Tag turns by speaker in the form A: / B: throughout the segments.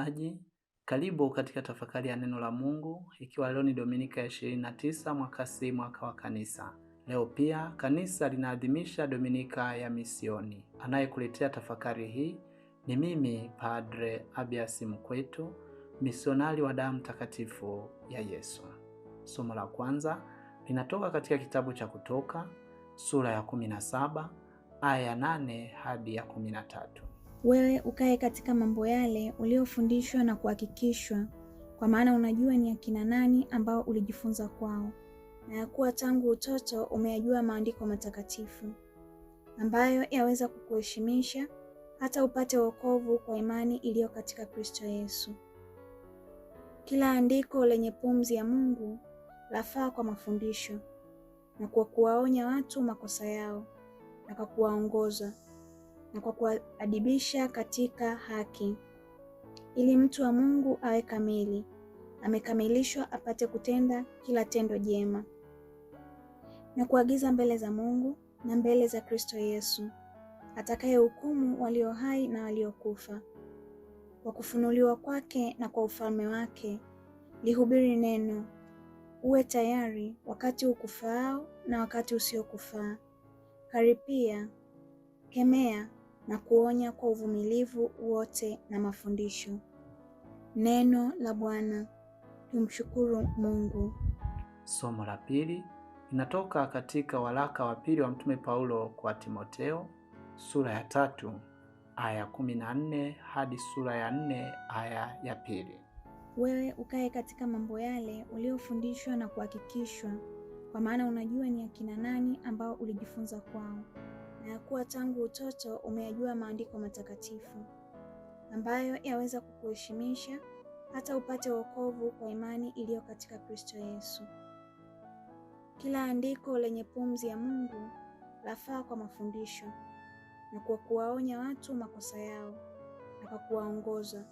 A: msikilizaji, karibu katika tafakari ya neno la Mungu, ikiwa leo ni Dominika ya 29 mwaka C mwaka wa Kanisa. Leo pia kanisa linaadhimisha Dominika ya Misioni. Anayekuletea tafakari hii ni mimi Padre Abias Mkwetu, misionari wa damu takatifu ya Yesu. Somo la kwanza linatoka katika kitabu cha Kutoka sura ya 17 aya ya 8 hadi ya 13 wewe ukae katika mambo yale uliofundishwa na kuhakikishwa, kwa maana unajua ni akina nani ambao ulijifunza kwao, na ya kuwa tangu utoto umeyajua maandiko matakatifu, ambayo yaweza kukuheshimisha hata upate wokovu kwa imani iliyo katika Kristo Yesu. Kila andiko lenye pumzi ya Mungu lafaa kwa mafundisho na kwa kuwaonya watu makosa yao na kwa kuwaongoza na kwa kuadibisha katika haki, ili mtu wa Mungu awe kamili, amekamilishwa apate kutenda kila tendo jema. Na kuagiza mbele za Mungu na mbele za Kristo Yesu, atakayehukumu walio hai na waliokufa, kwa kufunuliwa kwake na kwa ufalme wake, lihubiri neno, uwe tayari wakati ukufaao na wakati usiokufaa, karipia, kemea na kuonya kwa uvumilivu wote na mafundisho. Neno la Bwana. Tumshukuru Mungu.
B: Somo la pili linatoka katika waraka wa pili wa Mtume Paulo kwa Timoteo sura ya tatu aya ya kumi na nne hadi sura ya nne aya ya pili.
A: Wewe ukae katika mambo yale uliofundishwa na kuhakikishwa, kwa maana unajua ni akina nani ambao ulijifunza kwao na ya kuwa tangu utoto umeyajua maandiko matakatifu ambayo yaweza kukuheshimisha hata upate wokovu kwa imani iliyo katika Kristo Yesu. Kila andiko lenye pumzi ya Mungu lafaa kwa mafundisho na kwa kuwaonya watu makosa yao na kwa kuwaongoza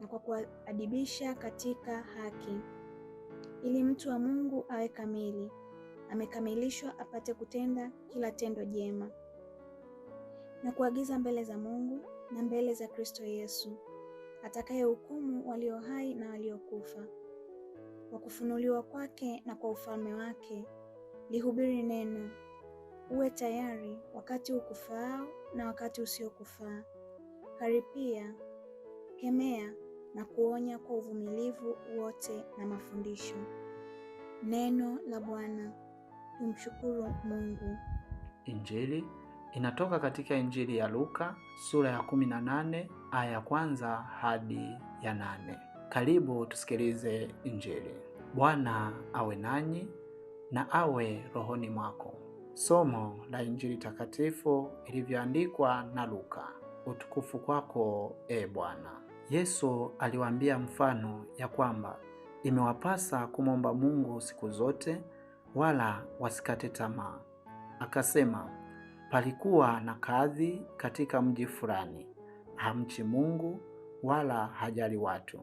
A: na kwa kuwaadibisha katika haki, ili mtu wa Mungu awe kamili, amekamilishwa apate kutenda kila tendo jema na kuagiza mbele za Mungu na mbele za Kristo Yesu atakayehukumu walio hai na waliokufa. Kwa kufunuliwa kwake na kwa ufalme wake, lihubiri neno, uwe tayari wakati ukufaao na wakati usiokufaa, karipia, kemea na kuonya kwa uvumilivu wote na mafundisho. Neno la Bwana. Tumshukuru Mungu.
B: Injili Inatoka katika Injili ya Luka sura ya 18 aya ya kwanza hadi ya nane. Karibu tusikilize Injili. Bwana awe nanyi na awe rohoni mwako. Somo la Injili takatifu ilivyoandikwa na Luka. Utukufu kwako e Bwana. Yesu aliwaambia mfano ya kwamba imewapasa kumwomba Mungu siku zote, wala wasikate tamaa. Akasema, Palikuwa na kadhi katika mji fulani, hamchi Mungu wala hajali watu.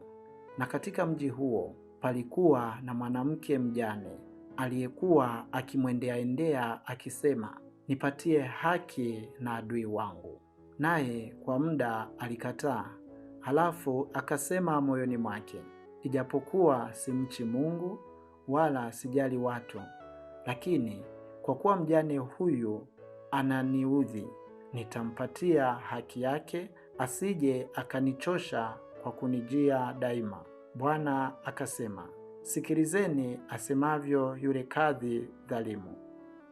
B: Na katika mji huo palikuwa na mwanamke mjane aliyekuwa akimwendea endea akisema, nipatie haki na adui wangu. Naye kwa muda alikataa, halafu akasema moyoni mwake, ijapokuwa simchi Mungu wala sijali watu, lakini kwa kuwa mjane huyu ananiudhi, nitampatia haki yake, asije akanichosha kwa kunijia daima. Bwana akasema, sikilizeni asemavyo yule kadhi dhalimu.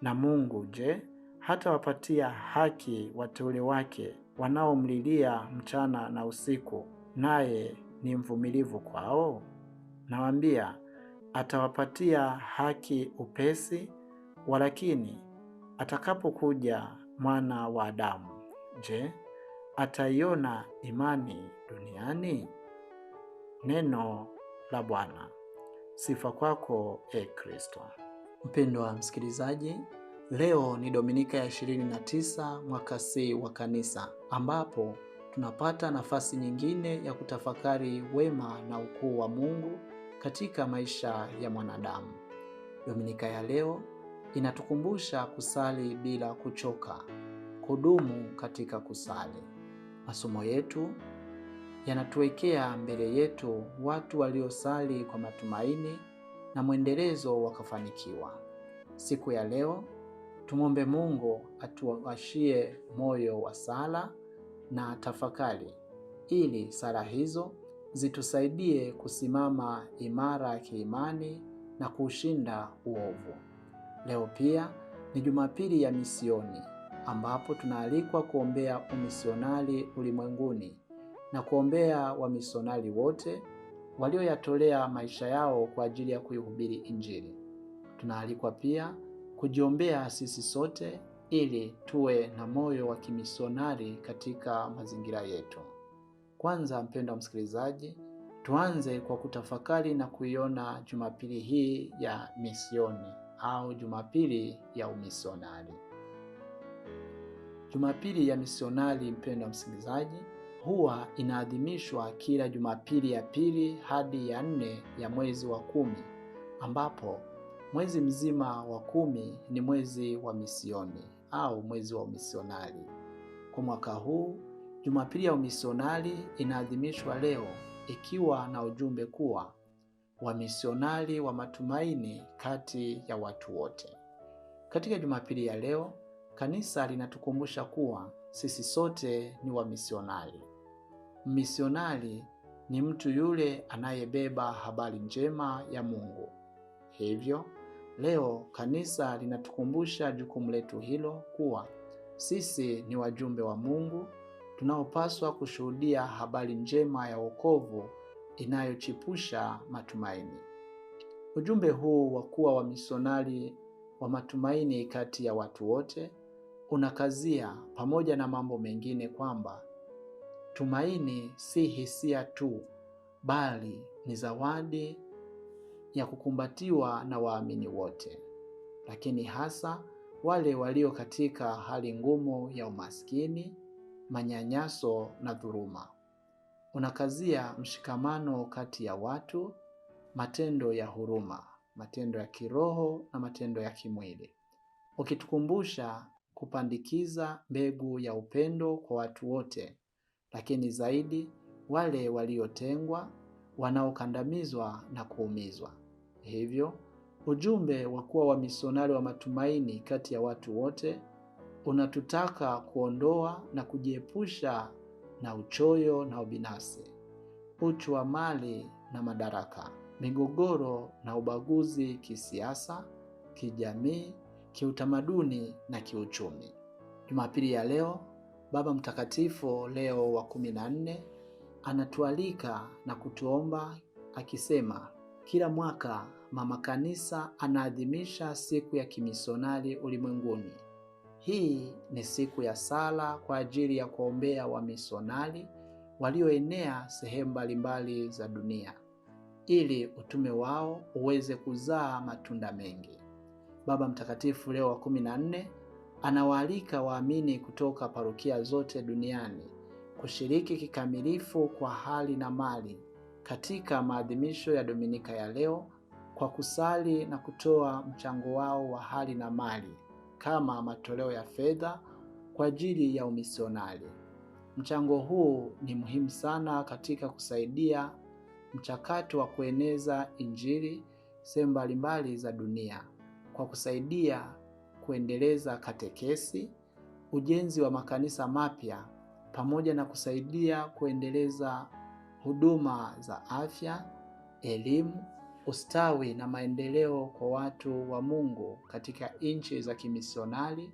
B: Na Mungu je, hatawapatia haki wateule wake wanaomlilia mchana na usiku, naye ni mvumilivu kwao? Nawaambia, atawapatia haki upesi. Walakini atakapokuja mwana wa Adamu, je, ataiona imani duniani? Neno la Bwana. Sifa kwako e Kristo.
C: Mpendwa msikilizaji, leo ni Dominika ya 29 mwaka C wa Kanisa, ambapo tunapata nafasi nyingine ya kutafakari wema na ukuu wa Mungu katika maisha ya mwanadamu. Dominika ya leo inatukumbusha kusali bila kuchoka, kudumu katika kusali. Masomo yetu yanatuwekea mbele yetu watu waliosali kwa matumaini na mwendelezo wakafanikiwa. Siku ya leo tumwombe Mungu atuwashie moyo wa sala na tafakari, ili sala hizo zitusaidie kusimama imara kiimani na kuushinda uovu. Leo pia ni Jumapili ya misioni ambapo tunaalikwa kuombea umisionari ulimwenguni na kuombea wamisionari wote walioyatolea maisha yao kwa ajili ya kuihubiri Injili. Tunaalikwa pia kujiombea sisi sote ili tuwe na moyo wa kimisionari katika mazingira yetu. Kwanza, mpendwa msikilizaji, tuanze kwa kutafakari na kuiona Jumapili hii ya misioni au Jumapili ya Umisionari. Jumapili ya Misionari, mpendwa msikilizaji, huwa inaadhimishwa kila Jumapili ya pili hadi ya nne ya mwezi wa kumi, ambapo mwezi mzima wa kumi ni mwezi wa misioni au mwezi wa umisionari. Kwa mwaka huu Jumapili ya Umisionari inaadhimishwa leo ikiwa na ujumbe kuwa wamisionari wa matumaini kati ya watu wote. Katika Jumapili ya leo, kanisa linatukumbusha kuwa sisi sote ni wamisionari. Misionari ni mtu yule anayebeba habari njema ya Mungu. Hivyo leo kanisa linatukumbusha jukumu letu hilo kuwa sisi ni wajumbe wa Mungu tunaopaswa kushuhudia habari njema ya wokovu inayochipusha matumaini. Ujumbe huu wa kuwa wamisionari wa matumaini kati ya watu wote unakazia pamoja na mambo mengine kwamba tumaini si hisia tu, bali ni zawadi ya kukumbatiwa na waamini wote, lakini hasa wale walio katika hali ngumu ya umaskini, manyanyaso na dhuluma unakazia mshikamano kati ya watu, matendo ya huruma, matendo ya kiroho na matendo ya kimwili, ukitukumbusha kupandikiza mbegu ya upendo kwa watu wote, lakini zaidi wale waliotengwa, wanaokandamizwa na kuumizwa. Hivyo ujumbe wa kuwa wamisionari wa matumaini kati ya watu wote unatutaka kuondoa na kujiepusha na uchoyo na ubinafsi, uchu wa mali na madaraka, migogoro na ubaguzi kisiasa, kijamii, kiutamaduni na kiuchumi. Jumapili ya leo, Baba Mtakatifu Leo wa kumi na nne anatualika na kutuomba akisema, kila mwaka Mama Kanisa anaadhimisha siku ya kimisionari ulimwenguni hii ni siku ya sala kwa ajili ya kuombea wamisionari walioenea sehemu mbalimbali za dunia ili utume wao uweze kuzaa matunda mengi. Baba Mtakatifu Leo wa 14 anawaalika waamini kutoka parokia zote duniani kushiriki kikamilifu kwa hali na mali katika maadhimisho ya Dominika ya leo kwa kusali na kutoa mchango wao wa hali na mali kama matoleo ya fedha kwa ajili ya umisionari. Mchango huu ni muhimu sana katika kusaidia mchakato wa kueneza Injili sehemu mbalimbali za dunia kwa kusaidia kuendeleza katekesi, ujenzi wa makanisa mapya pamoja na kusaidia kuendeleza huduma za afya, elimu ustawi na maendeleo kwa watu wa Mungu katika nchi za kimisionari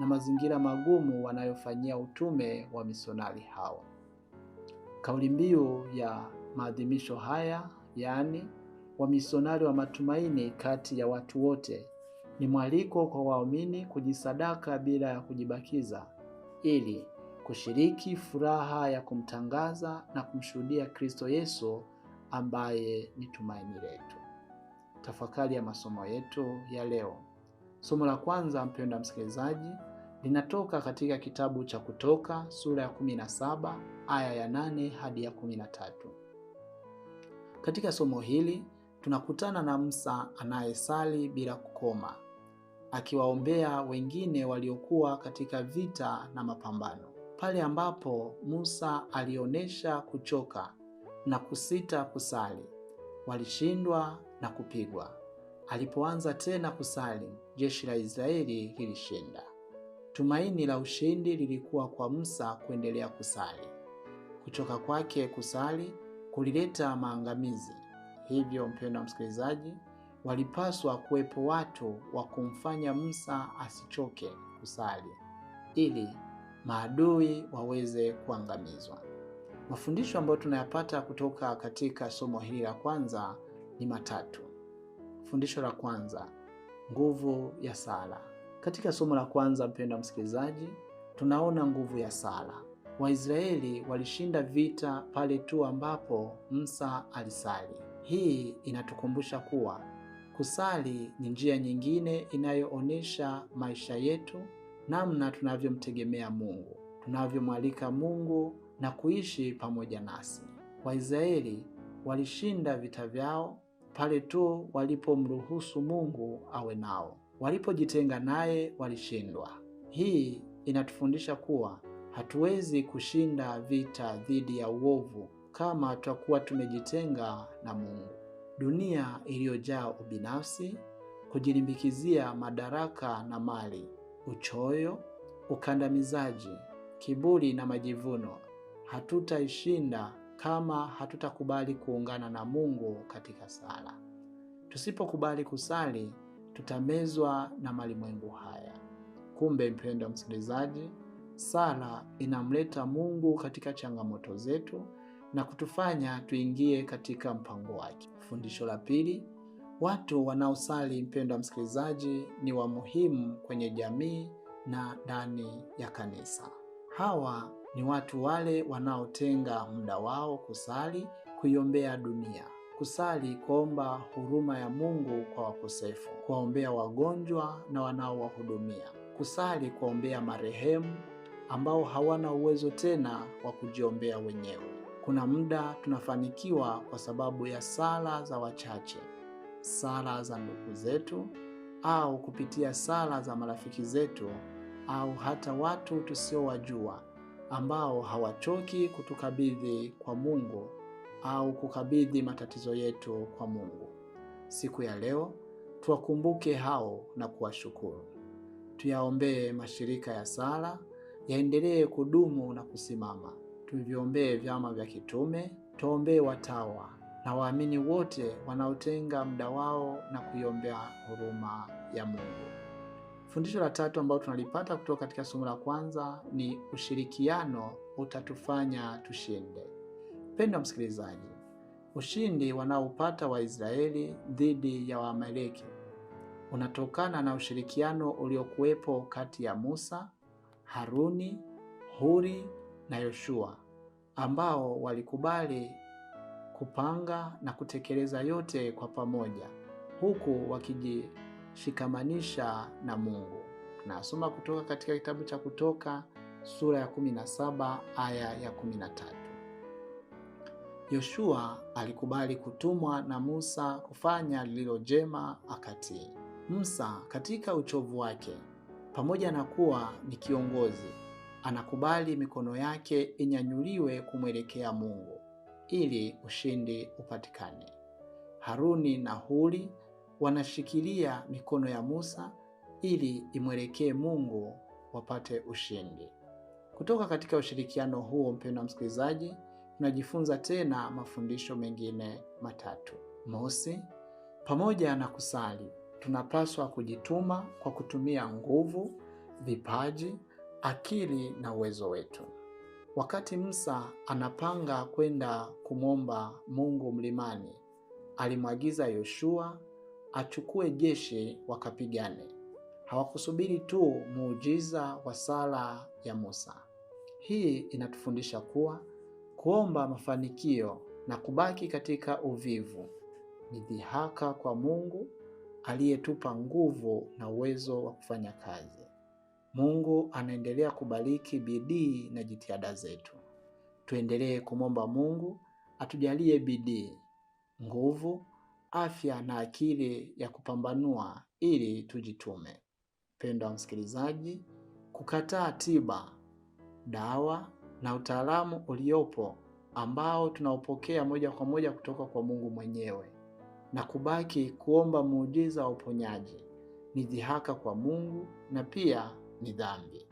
C: na mazingira magumu wanayofanyia utume wa misionari hao. Kauli mbiu ya maadhimisho haya, yaani wamisionari wa matumaini kati ya watu wote, ni mwaliko kwa waumini kujisadaka bila ya kujibakiza ili kushiriki furaha ya kumtangaza na kumshuhudia Kristo Yesu ambaye ni tumaini letu tafakari ya masomo yetu ya leo. Somo la kwanza, mpendwa msikilizaji, linatoka katika kitabu cha Kutoka sura ya 17 aya ya 8 hadi ya 13. Katika somo hili tunakutana na Musa anayesali bila kukoma akiwaombea wengine waliokuwa katika vita na mapambano. Pale ambapo Musa alionyesha kuchoka na kusita kusali, walishindwa na kupigwa. Alipoanza tena kusali, jeshi la Israeli lilishinda. Tumaini la ushindi lilikuwa kwa Musa kuendelea kusali. Kuchoka kwake kusali kulileta maangamizi. Hivyo mpendwa msikilizaji, walipaswa kuwepo watu wa kumfanya Musa asichoke kusali ili maadui waweze kuangamizwa. Mafundisho ambayo tunayapata kutoka katika somo hili la kwanza ni matatu. Fundisho la kwanza, nguvu ya sala. Katika somo la kwanza, mpendwa msikilizaji, tunaona nguvu ya sala. Waisraeli walishinda vita pale tu ambapo Musa alisali. Hii inatukumbusha kuwa kusali ni njia nyingine inayoonyesha maisha yetu, namna tunavyomtegemea Mungu, tunavyomwalika Mungu na kuishi pamoja nasi. Waisraeli walishinda vita vyao pale tu walipomruhusu Mungu awe nao. Walipojitenga naye walishindwa. Hii inatufundisha kuwa hatuwezi kushinda vita dhidi ya uovu kama tutakuwa tumejitenga na Mungu. Dunia iliyojaa ubinafsi, kujilimbikizia madaraka na mali, uchoyo, ukandamizaji, kiburi na majivuno hatutaishinda kama hatutakubali kuungana na Mungu katika sala. Tusipokubali kusali, tutamezwa na malimwengu haya. Kumbe mpendwa msikilizaji, sala inamleta Mungu katika changamoto zetu na kutufanya tuingie katika mpango wake. Fundisho la pili, watu wanaosali, mpendwa msikilizaji, ni wa muhimu kwenye jamii na ndani ya kanisa. Hawa ni watu wale wanaotenga muda wao kusali, kuiombea dunia, kusali kuomba huruma ya Mungu kwa wakosefu, kuwaombea wagonjwa na wanaowahudumia, kusali kuwaombea marehemu ambao hawana uwezo tena wa kujiombea wenyewe. Kuna muda tunafanikiwa kwa sababu ya sala za wachache, sala za ndugu zetu, au kupitia sala za marafiki zetu, au hata watu tusiowajua ambao hawachoki kutukabidhi kwa Mungu au kukabidhi matatizo yetu kwa Mungu. Siku ya leo tuwakumbuke hao na kuwashukuru. Tuyaombee mashirika ya sala yaendelee kudumu na kusimama. Tuviombee vyama vya kitume, tuombee watawa na waamini wote wanaotenga muda wao na kuiombea huruma ya Mungu. Fundisho la tatu ambalo tunalipata kutoka katika somo la kwanza ni ushirikiano utatufanya tushinde. pendwa msikilizaji, ushindi wanaoupata Waisraeli dhidi ya Waamaleki unatokana na ushirikiano uliokuwepo kati ya Musa, Haruni, Huri na Yoshua ambao walikubali kupanga na kutekeleza yote kwa pamoja huku wakiji shikamanisha na Mungu. Nasoma kutoka katika kitabu cha Kutoka sura ya 17 aya ya 13. Yoshua alikubali kutumwa na Musa kufanya lililo jema, akatii. Musa katika uchovu wake, pamoja na kuwa ni kiongozi, anakubali mikono yake inyanyuliwe kumwelekea Mungu ili ushindi upatikane. Haruni na Huri wanashikilia mikono ya Musa ili imwelekee Mungu wapate ushindi. Kutoka katika ushirikiano huo, mpendwa msikilizaji, tunajifunza tena mafundisho mengine matatu. Mosi, pamoja na kusali, tunapaswa kujituma kwa kutumia nguvu, vipaji, akili na uwezo wetu. Wakati Musa anapanga kwenda kumwomba Mungu mlimani, alimwagiza Yoshua achukue jeshi wakapigane. Hawakusubiri tu muujiza wa sala ya Musa. Hii inatufundisha kuwa kuomba mafanikio na kubaki katika uvivu ni dhihaka kwa Mungu aliyetupa nguvu na uwezo wa kufanya kazi. Mungu anaendelea kubariki bidii na jitihada zetu. Tuendelee kumwomba Mungu atujalie bidii, nguvu afya na akili ya kupambanua ili tujitume. Mpendwa msikilizaji, kukataa tiba, dawa na utaalamu uliopo ambao tunaopokea moja kwa moja kutoka kwa Mungu mwenyewe na kubaki kuomba muujiza wa uponyaji ni dhihaka kwa Mungu na pia ni dhambi.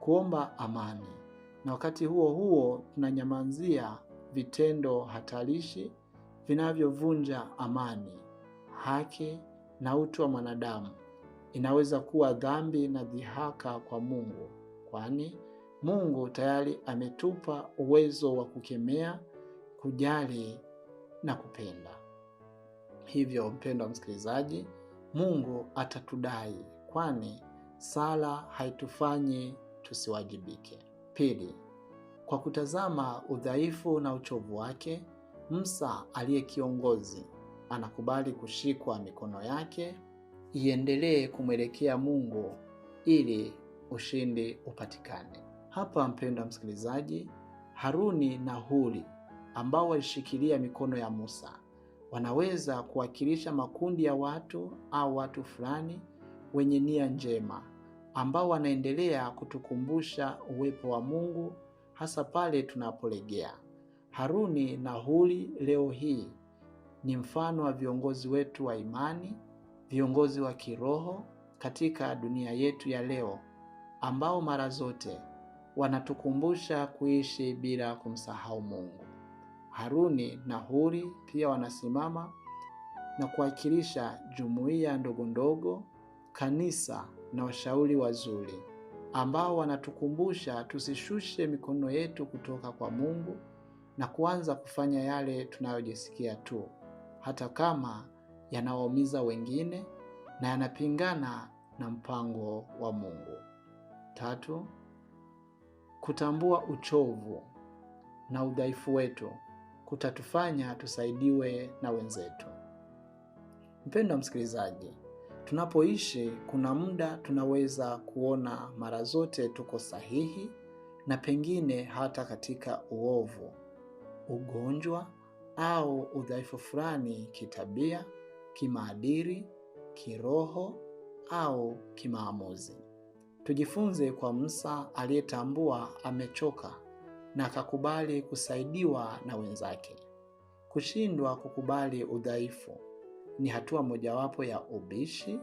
C: Kuomba amani na wakati huo huo tunanyamazia vitendo hatarishi vinavyovunja amani, haki na utu wa mwanadamu. Inaweza kuwa dhambi na dhihaka kwa Mungu, kwani Mungu tayari ametupa uwezo wa kukemea, kujali na kupenda. Hivyo mpendwa msikilizaji, Mungu atatudai, kwani sala haitufanyi tusiwajibike. Pili, kwa kutazama udhaifu na uchovu wake, Musa aliye kiongozi anakubali kushikwa mikono yake iendelee kumwelekea Mungu ili ushindi upatikane. Hapa mpendwa msikilizaji, Haruni na Huri ambao walishikilia mikono ya Musa wanaweza kuwakilisha makundi ya watu au watu fulani wenye nia njema ambao wanaendelea kutukumbusha uwepo wa Mungu hasa pale tunapolegea. Haruni na Huri leo hii ni mfano wa viongozi wetu wa imani, viongozi wa kiroho katika dunia yetu ya leo, ambao mara zote wanatukumbusha kuishi bila kumsahau Mungu. Haruni na Huri pia wanasimama na kuwakilisha jumuiya ndogo ndogo, kanisa na washauri wazuri ambao wanatukumbusha tusishushe mikono yetu kutoka kwa Mungu na kuanza kufanya yale tunayojisikia tu, hata kama yanawaumiza wengine na yanapingana na mpango wa Mungu. Tatu, kutambua uchovu na udhaifu wetu kutatufanya tusaidiwe na wenzetu. Mpendwa msikilizaji, tunapoishi kuna muda tunaweza kuona mara zote tuko sahihi na pengine hata katika uovu, ugonjwa au udhaifu fulani kitabia, kimaadili, kiroho au kimaamuzi. Tujifunze kwa Musa aliyetambua amechoka na akakubali kusaidiwa na wenzake. Kushindwa kukubali udhaifu ni hatua mojawapo ya ubishi,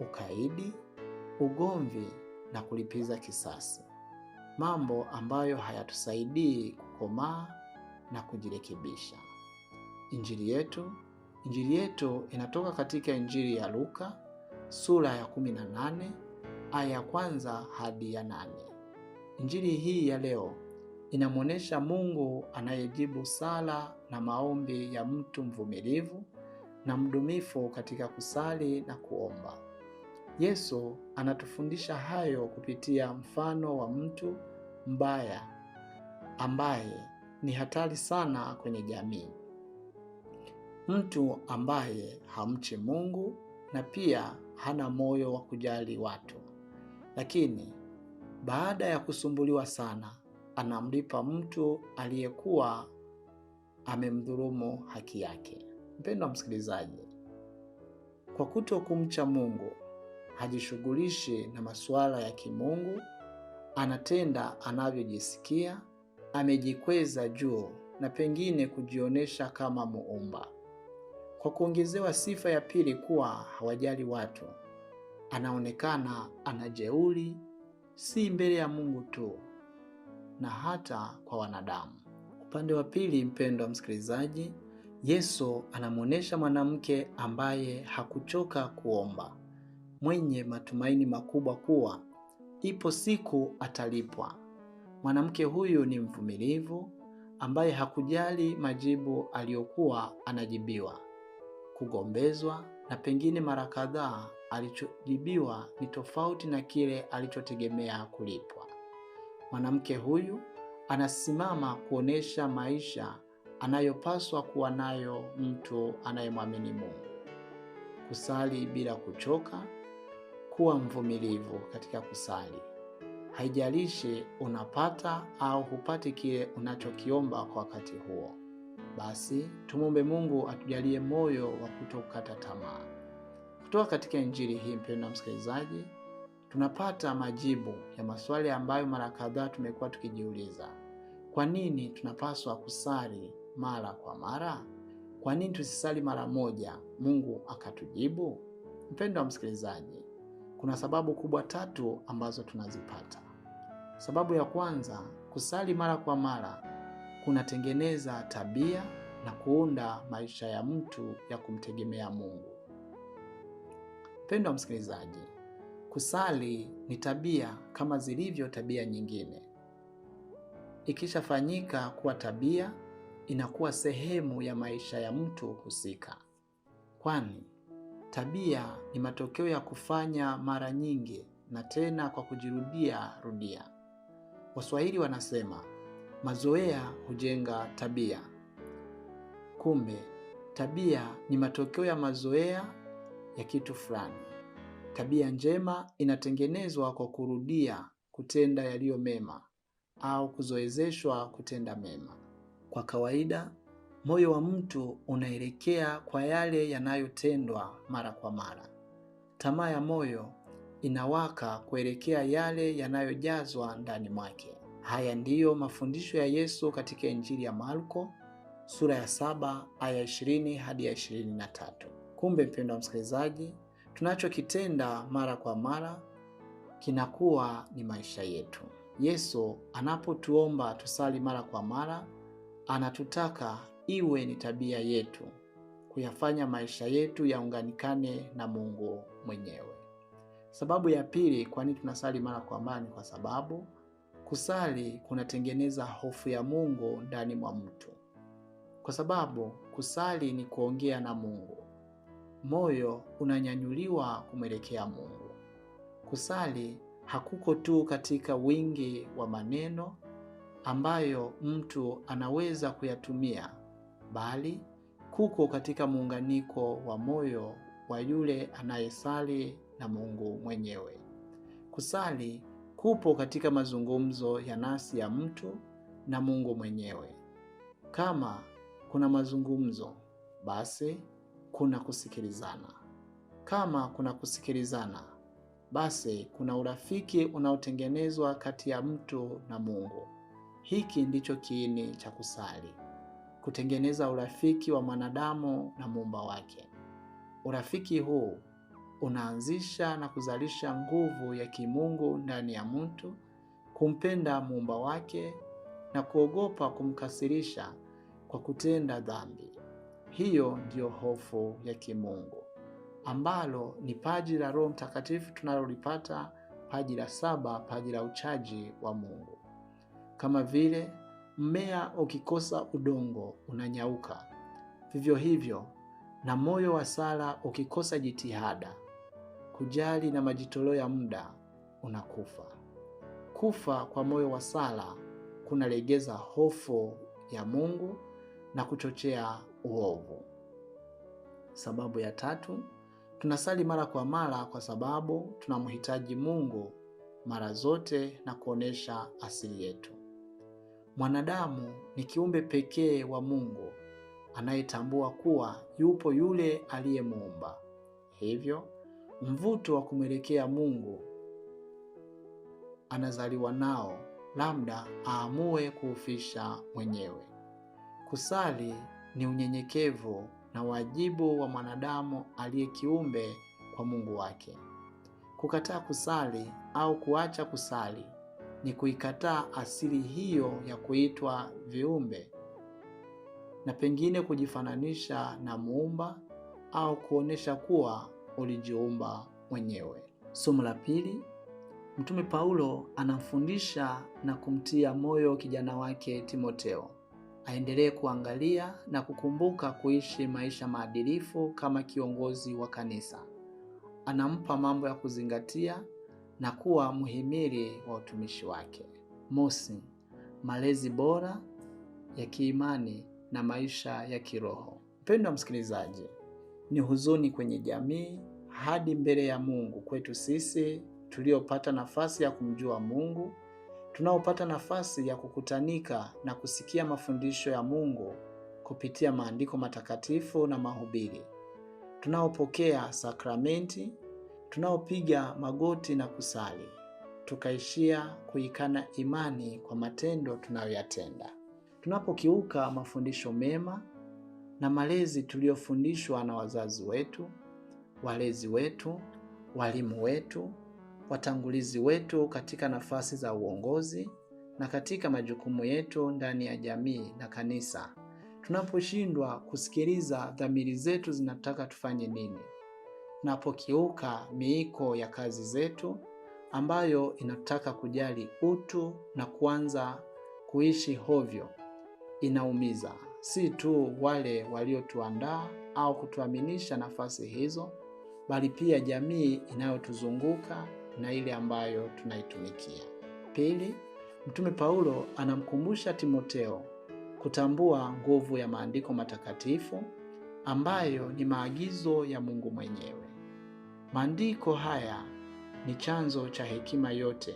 C: ukaidi, ugomvi na kulipiza kisasi, mambo ambayo hayatusaidii kukomaa na kujirekebisha. Injili yetu injili yetu inatoka katika Injili ya Luka sura ya 18 aya ya kwanza hadi ya nane. Injili hii ya leo inamwonyesha Mungu anayejibu sala na maombi ya mtu mvumilivu na mdumifu katika kusali na kuomba. Yesu anatufundisha hayo kupitia mfano wa mtu mbaya ambaye ni hatari sana kwenye jamii. Mtu ambaye hamchi Mungu na pia hana moyo wa kujali watu, lakini baada ya kusumbuliwa sana, anamlipa mtu aliyekuwa amemdhulumu haki yake. Mpendwa msikilizaji, kwa kuto kumcha Mungu, hajishughulishi na masuala ya kimungu, anatenda anavyojisikia amejikweza juu na pengine kujionyesha kama muumba. Kwa kuongezewa sifa ya pili kuwa hawajali watu, anaonekana ana jeuri, si mbele ya Mungu tu, na hata kwa wanadamu. Upande wa pili, mpendwa msikilizaji, Yesu anamwonyesha mwanamke ambaye hakuchoka kuomba, mwenye matumaini makubwa kuwa ipo siku atalipwa. Mwanamke huyu ni mvumilivu ambaye hakujali majibu aliyokuwa anajibiwa, kugombezwa na pengine mara kadhaa alichojibiwa ni tofauti na kile alichotegemea kulipwa. Mwanamke huyu anasimama kuonesha maisha anayopaswa kuwa nayo mtu anayemwamini Mungu. Kusali bila kuchoka, kuwa mvumilivu katika kusali haijalishi unapata au hupati kile unachokiomba kwa wakati huo. Basi tumwombe Mungu atujalie moyo wa kutokata tamaa. Kutoka katika injili hii, mpendwa msikilizaji, tunapata majibu ya maswali ambayo mara kadhaa tumekuwa tukijiuliza. Kwa nini tunapaswa kusali mara kwa mara? Kwa nini tusisali mara moja Mungu akatujibu? Mpendwa msikilizaji, kuna sababu kubwa tatu ambazo tunazipata. Sababu ya kwanza, kusali mara kwa mara kunatengeneza tabia na kuunda maisha ya mtu ya kumtegemea Mungu. Pendwa msikilizaji, kusali ni tabia kama zilivyo tabia nyingine. Ikishafanyika kuwa tabia, inakuwa sehemu ya maisha ya mtu husika, kwani tabia ni matokeo ya kufanya mara nyingi na tena kwa kujirudia rudia. Waswahili wanasema mazoea hujenga tabia. Kumbe tabia ni matokeo ya mazoea ya kitu fulani. Tabia njema inatengenezwa kwa kurudia kutenda yaliyo mema au kuzoezeshwa kutenda mema. Kwa kawaida, moyo wa mtu unaelekea kwa yale yanayotendwa mara kwa mara. Tamaa ya moyo inawaka kuelekea yale yanayojazwa ndani mwake. Haya ndiyo mafundisho ya Yesu katika Injili ya Marko sura ya saba aya ishirini hadi ya ishirini na tatu. Kumbe mpendwa msikilizaji, tunachokitenda mara kwa mara kinakuwa ni maisha yetu. Yesu anapotuomba tusali mara kwa mara, anatutaka iwe ni tabia yetu kuyafanya maisha yetu yaunganikane na Mungu mwenyewe. Sababu ya pili, kwa nini tunasali mara kwa mara? Ni kwa sababu kusali kunatengeneza hofu ya Mungu ndani mwa mtu, kwa sababu kusali ni kuongea na Mungu, moyo unanyanyuliwa kumwelekea Mungu. Kusali hakuko tu katika wingi wa maneno ambayo mtu anaweza kuyatumia, bali kuko katika muunganiko wa moyo wa yule anayesali na Mungu mwenyewe. Kusali kupo katika mazungumzo ya nafsi ya mtu na Mungu mwenyewe. Kama kuna mazungumzo, basi kuna kusikilizana. Kama kuna kusikilizana, basi kuna urafiki unaotengenezwa kati ya mtu na Mungu. Hiki ndicho kiini cha kusali, kutengeneza urafiki wa mwanadamu na muumba wake. Urafiki huu unaanzisha na kuzalisha nguvu ya kimungu ndani ya mtu kumpenda muumba wake na kuogopa kumkasirisha kwa kutenda dhambi. Hiyo ndiyo hofu ya kimungu ambalo ni paji la Roho Mtakatifu tunalolipata paji la saba, paji la uchaji wa Mungu. Kama vile mmea ukikosa udongo unanyauka, vivyo hivyo na moyo wa sala ukikosa jitihada kujali na majitoleo ya muda, unakufa. Kufa kwa moyo wa sala kunalegeza hofu ya Mungu na kuchochea uovu. Sababu ya tatu, tunasali mara kwa mara kwa sababu tunamhitaji Mungu mara zote na kuonesha asili yetu. Mwanadamu ni kiumbe pekee wa Mungu anayetambua kuwa yupo yule aliyemuumba. Hivyo mvuto wa kumwelekea Mungu anazaliwa nao, labda aamue kuufisha mwenyewe. Kusali ni unyenyekevu na wajibu wa mwanadamu aliye kiumbe kwa Mungu wake. Kukataa kusali au kuacha kusali ni kuikataa asili hiyo ya kuitwa viumbe na pengine kujifananisha na muumba au kuonesha kuwa ulijiumba mwenyewe. Somo la pili, Mtume Paulo anamfundisha na kumtia moyo kijana wake Timoteo aendelee kuangalia na kukumbuka kuishi maisha maadilifu kama kiongozi wa kanisa. Anampa mambo ya kuzingatia na kuwa muhimili wa utumishi wake. Mosi, malezi bora ya kiimani na maisha ya kiroho. Mpendwa msikilizaji, ni huzuni kwenye jamii hadi mbele ya Mungu kwetu sisi tuliopata nafasi ya kumjua Mungu, tunaopata nafasi ya kukutanika na kusikia mafundisho ya Mungu kupitia maandiko matakatifu na mahubiri, tunaopokea sakramenti, tunaopiga magoti na kusali, tukaishia kuikana imani kwa matendo tunayoyatenda. Tunapokiuka mafundisho mema na malezi tuliyofundishwa na wazazi wetu, walezi wetu, walimu wetu, watangulizi wetu katika nafasi za uongozi na katika majukumu yetu ndani ya jamii na kanisa. Tunaposhindwa kusikiliza dhamiri zetu zinataka tufanye nini, tunapokiuka miiko ya kazi zetu ambayo inataka kujali utu na kuanza kuishi hovyo, inaumiza si tu wale waliotuandaa au kutuaminisha nafasi hizo, bali pia jamii inayotuzunguka na ile ambayo tunaitumikia. Pili, Mtume Paulo anamkumbusha Timoteo kutambua nguvu ya maandiko matakatifu ambayo ni maagizo ya Mungu mwenyewe. Maandiko haya ni chanzo cha hekima yote,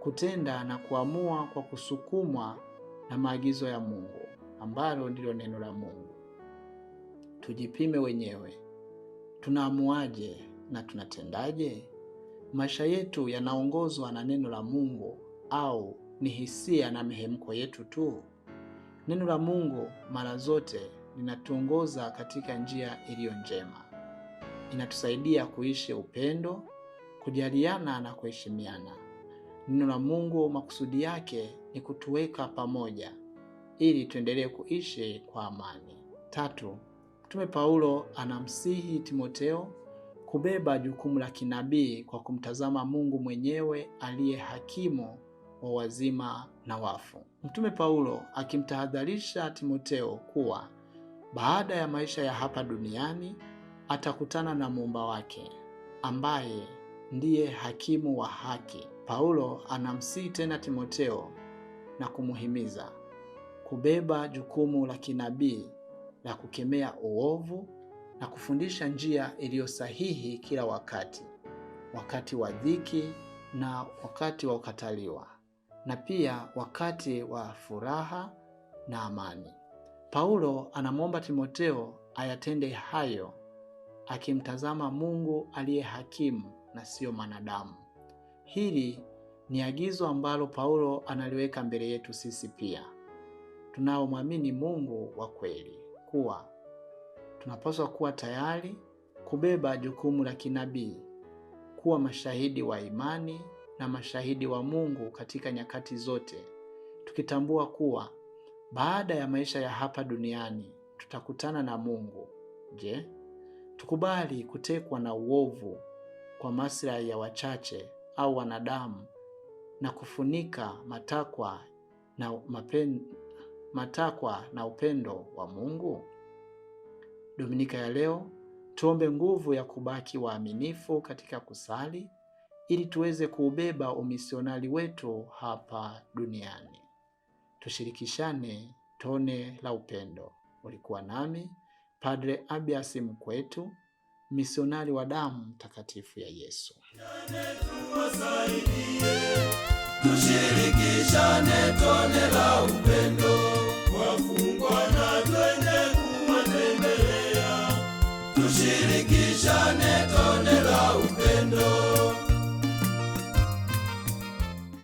C: kutenda na kuamua kwa kusukumwa na maagizo ya Mungu ambalo ndilo neno la Mungu. Tujipime wenyewe, tunaamuaje na tunatendaje? Maisha yetu yanaongozwa na neno la Mungu au ni hisia na mihemko yetu tu? Neno la Mungu mara zote linatuongoza katika njia iliyo njema, inatusaidia kuishi upendo, kujaliana na kuheshimiana. Neno la Mungu makusudi yake ni kutuweka pamoja ili tuendelee kuishi kwa amani. Tatu, Mtume Paulo anamsihi timoteo kubeba jukumu la kinabii kwa kumtazama Mungu mwenyewe aliye hakimu wa wazima na wafu. Mtume Paulo akimtahadharisha timoteo kuwa baada ya maisha ya hapa duniani atakutana na muumba wake ambaye ndiye hakimu wa haki. Paulo anamsihi tena timoteo na kumuhimiza kubeba jukumu la kinabii la kukemea uovu na kufundisha njia iliyo sahihi kila wakati, wakati wa dhiki na wakati wa kukataliwa, na pia wakati wa furaha na amani. Paulo anamwomba timoteo ayatende hayo akimtazama Mungu aliye hakimu na siyo mwanadamu. Hili ni agizo ambalo Paulo analiweka mbele yetu sisi pia tunaomwamini Mungu wa kweli kuwa tunapaswa kuwa tayari kubeba jukumu la kinabii, kuwa mashahidi wa imani na mashahidi wa Mungu katika nyakati zote, tukitambua kuwa baada ya maisha ya hapa duniani tutakutana na Mungu. Je, tukubali kutekwa na uovu kwa maslahi ya wachache au wanadamu na kufunika matakwa na mapenzi matakwa na upendo wa Mungu? Dominika ya leo tuombe nguvu ya kubaki waaminifu katika kusali ili tuweze kuubeba umisionari wetu hapa duniani. Tushirikishane tone la upendo. Ulikuwa nami Padre Abias Mkwetu, misionari wa damu takatifu ya Yesu. Tushirikishane tone la upendo wafungwa na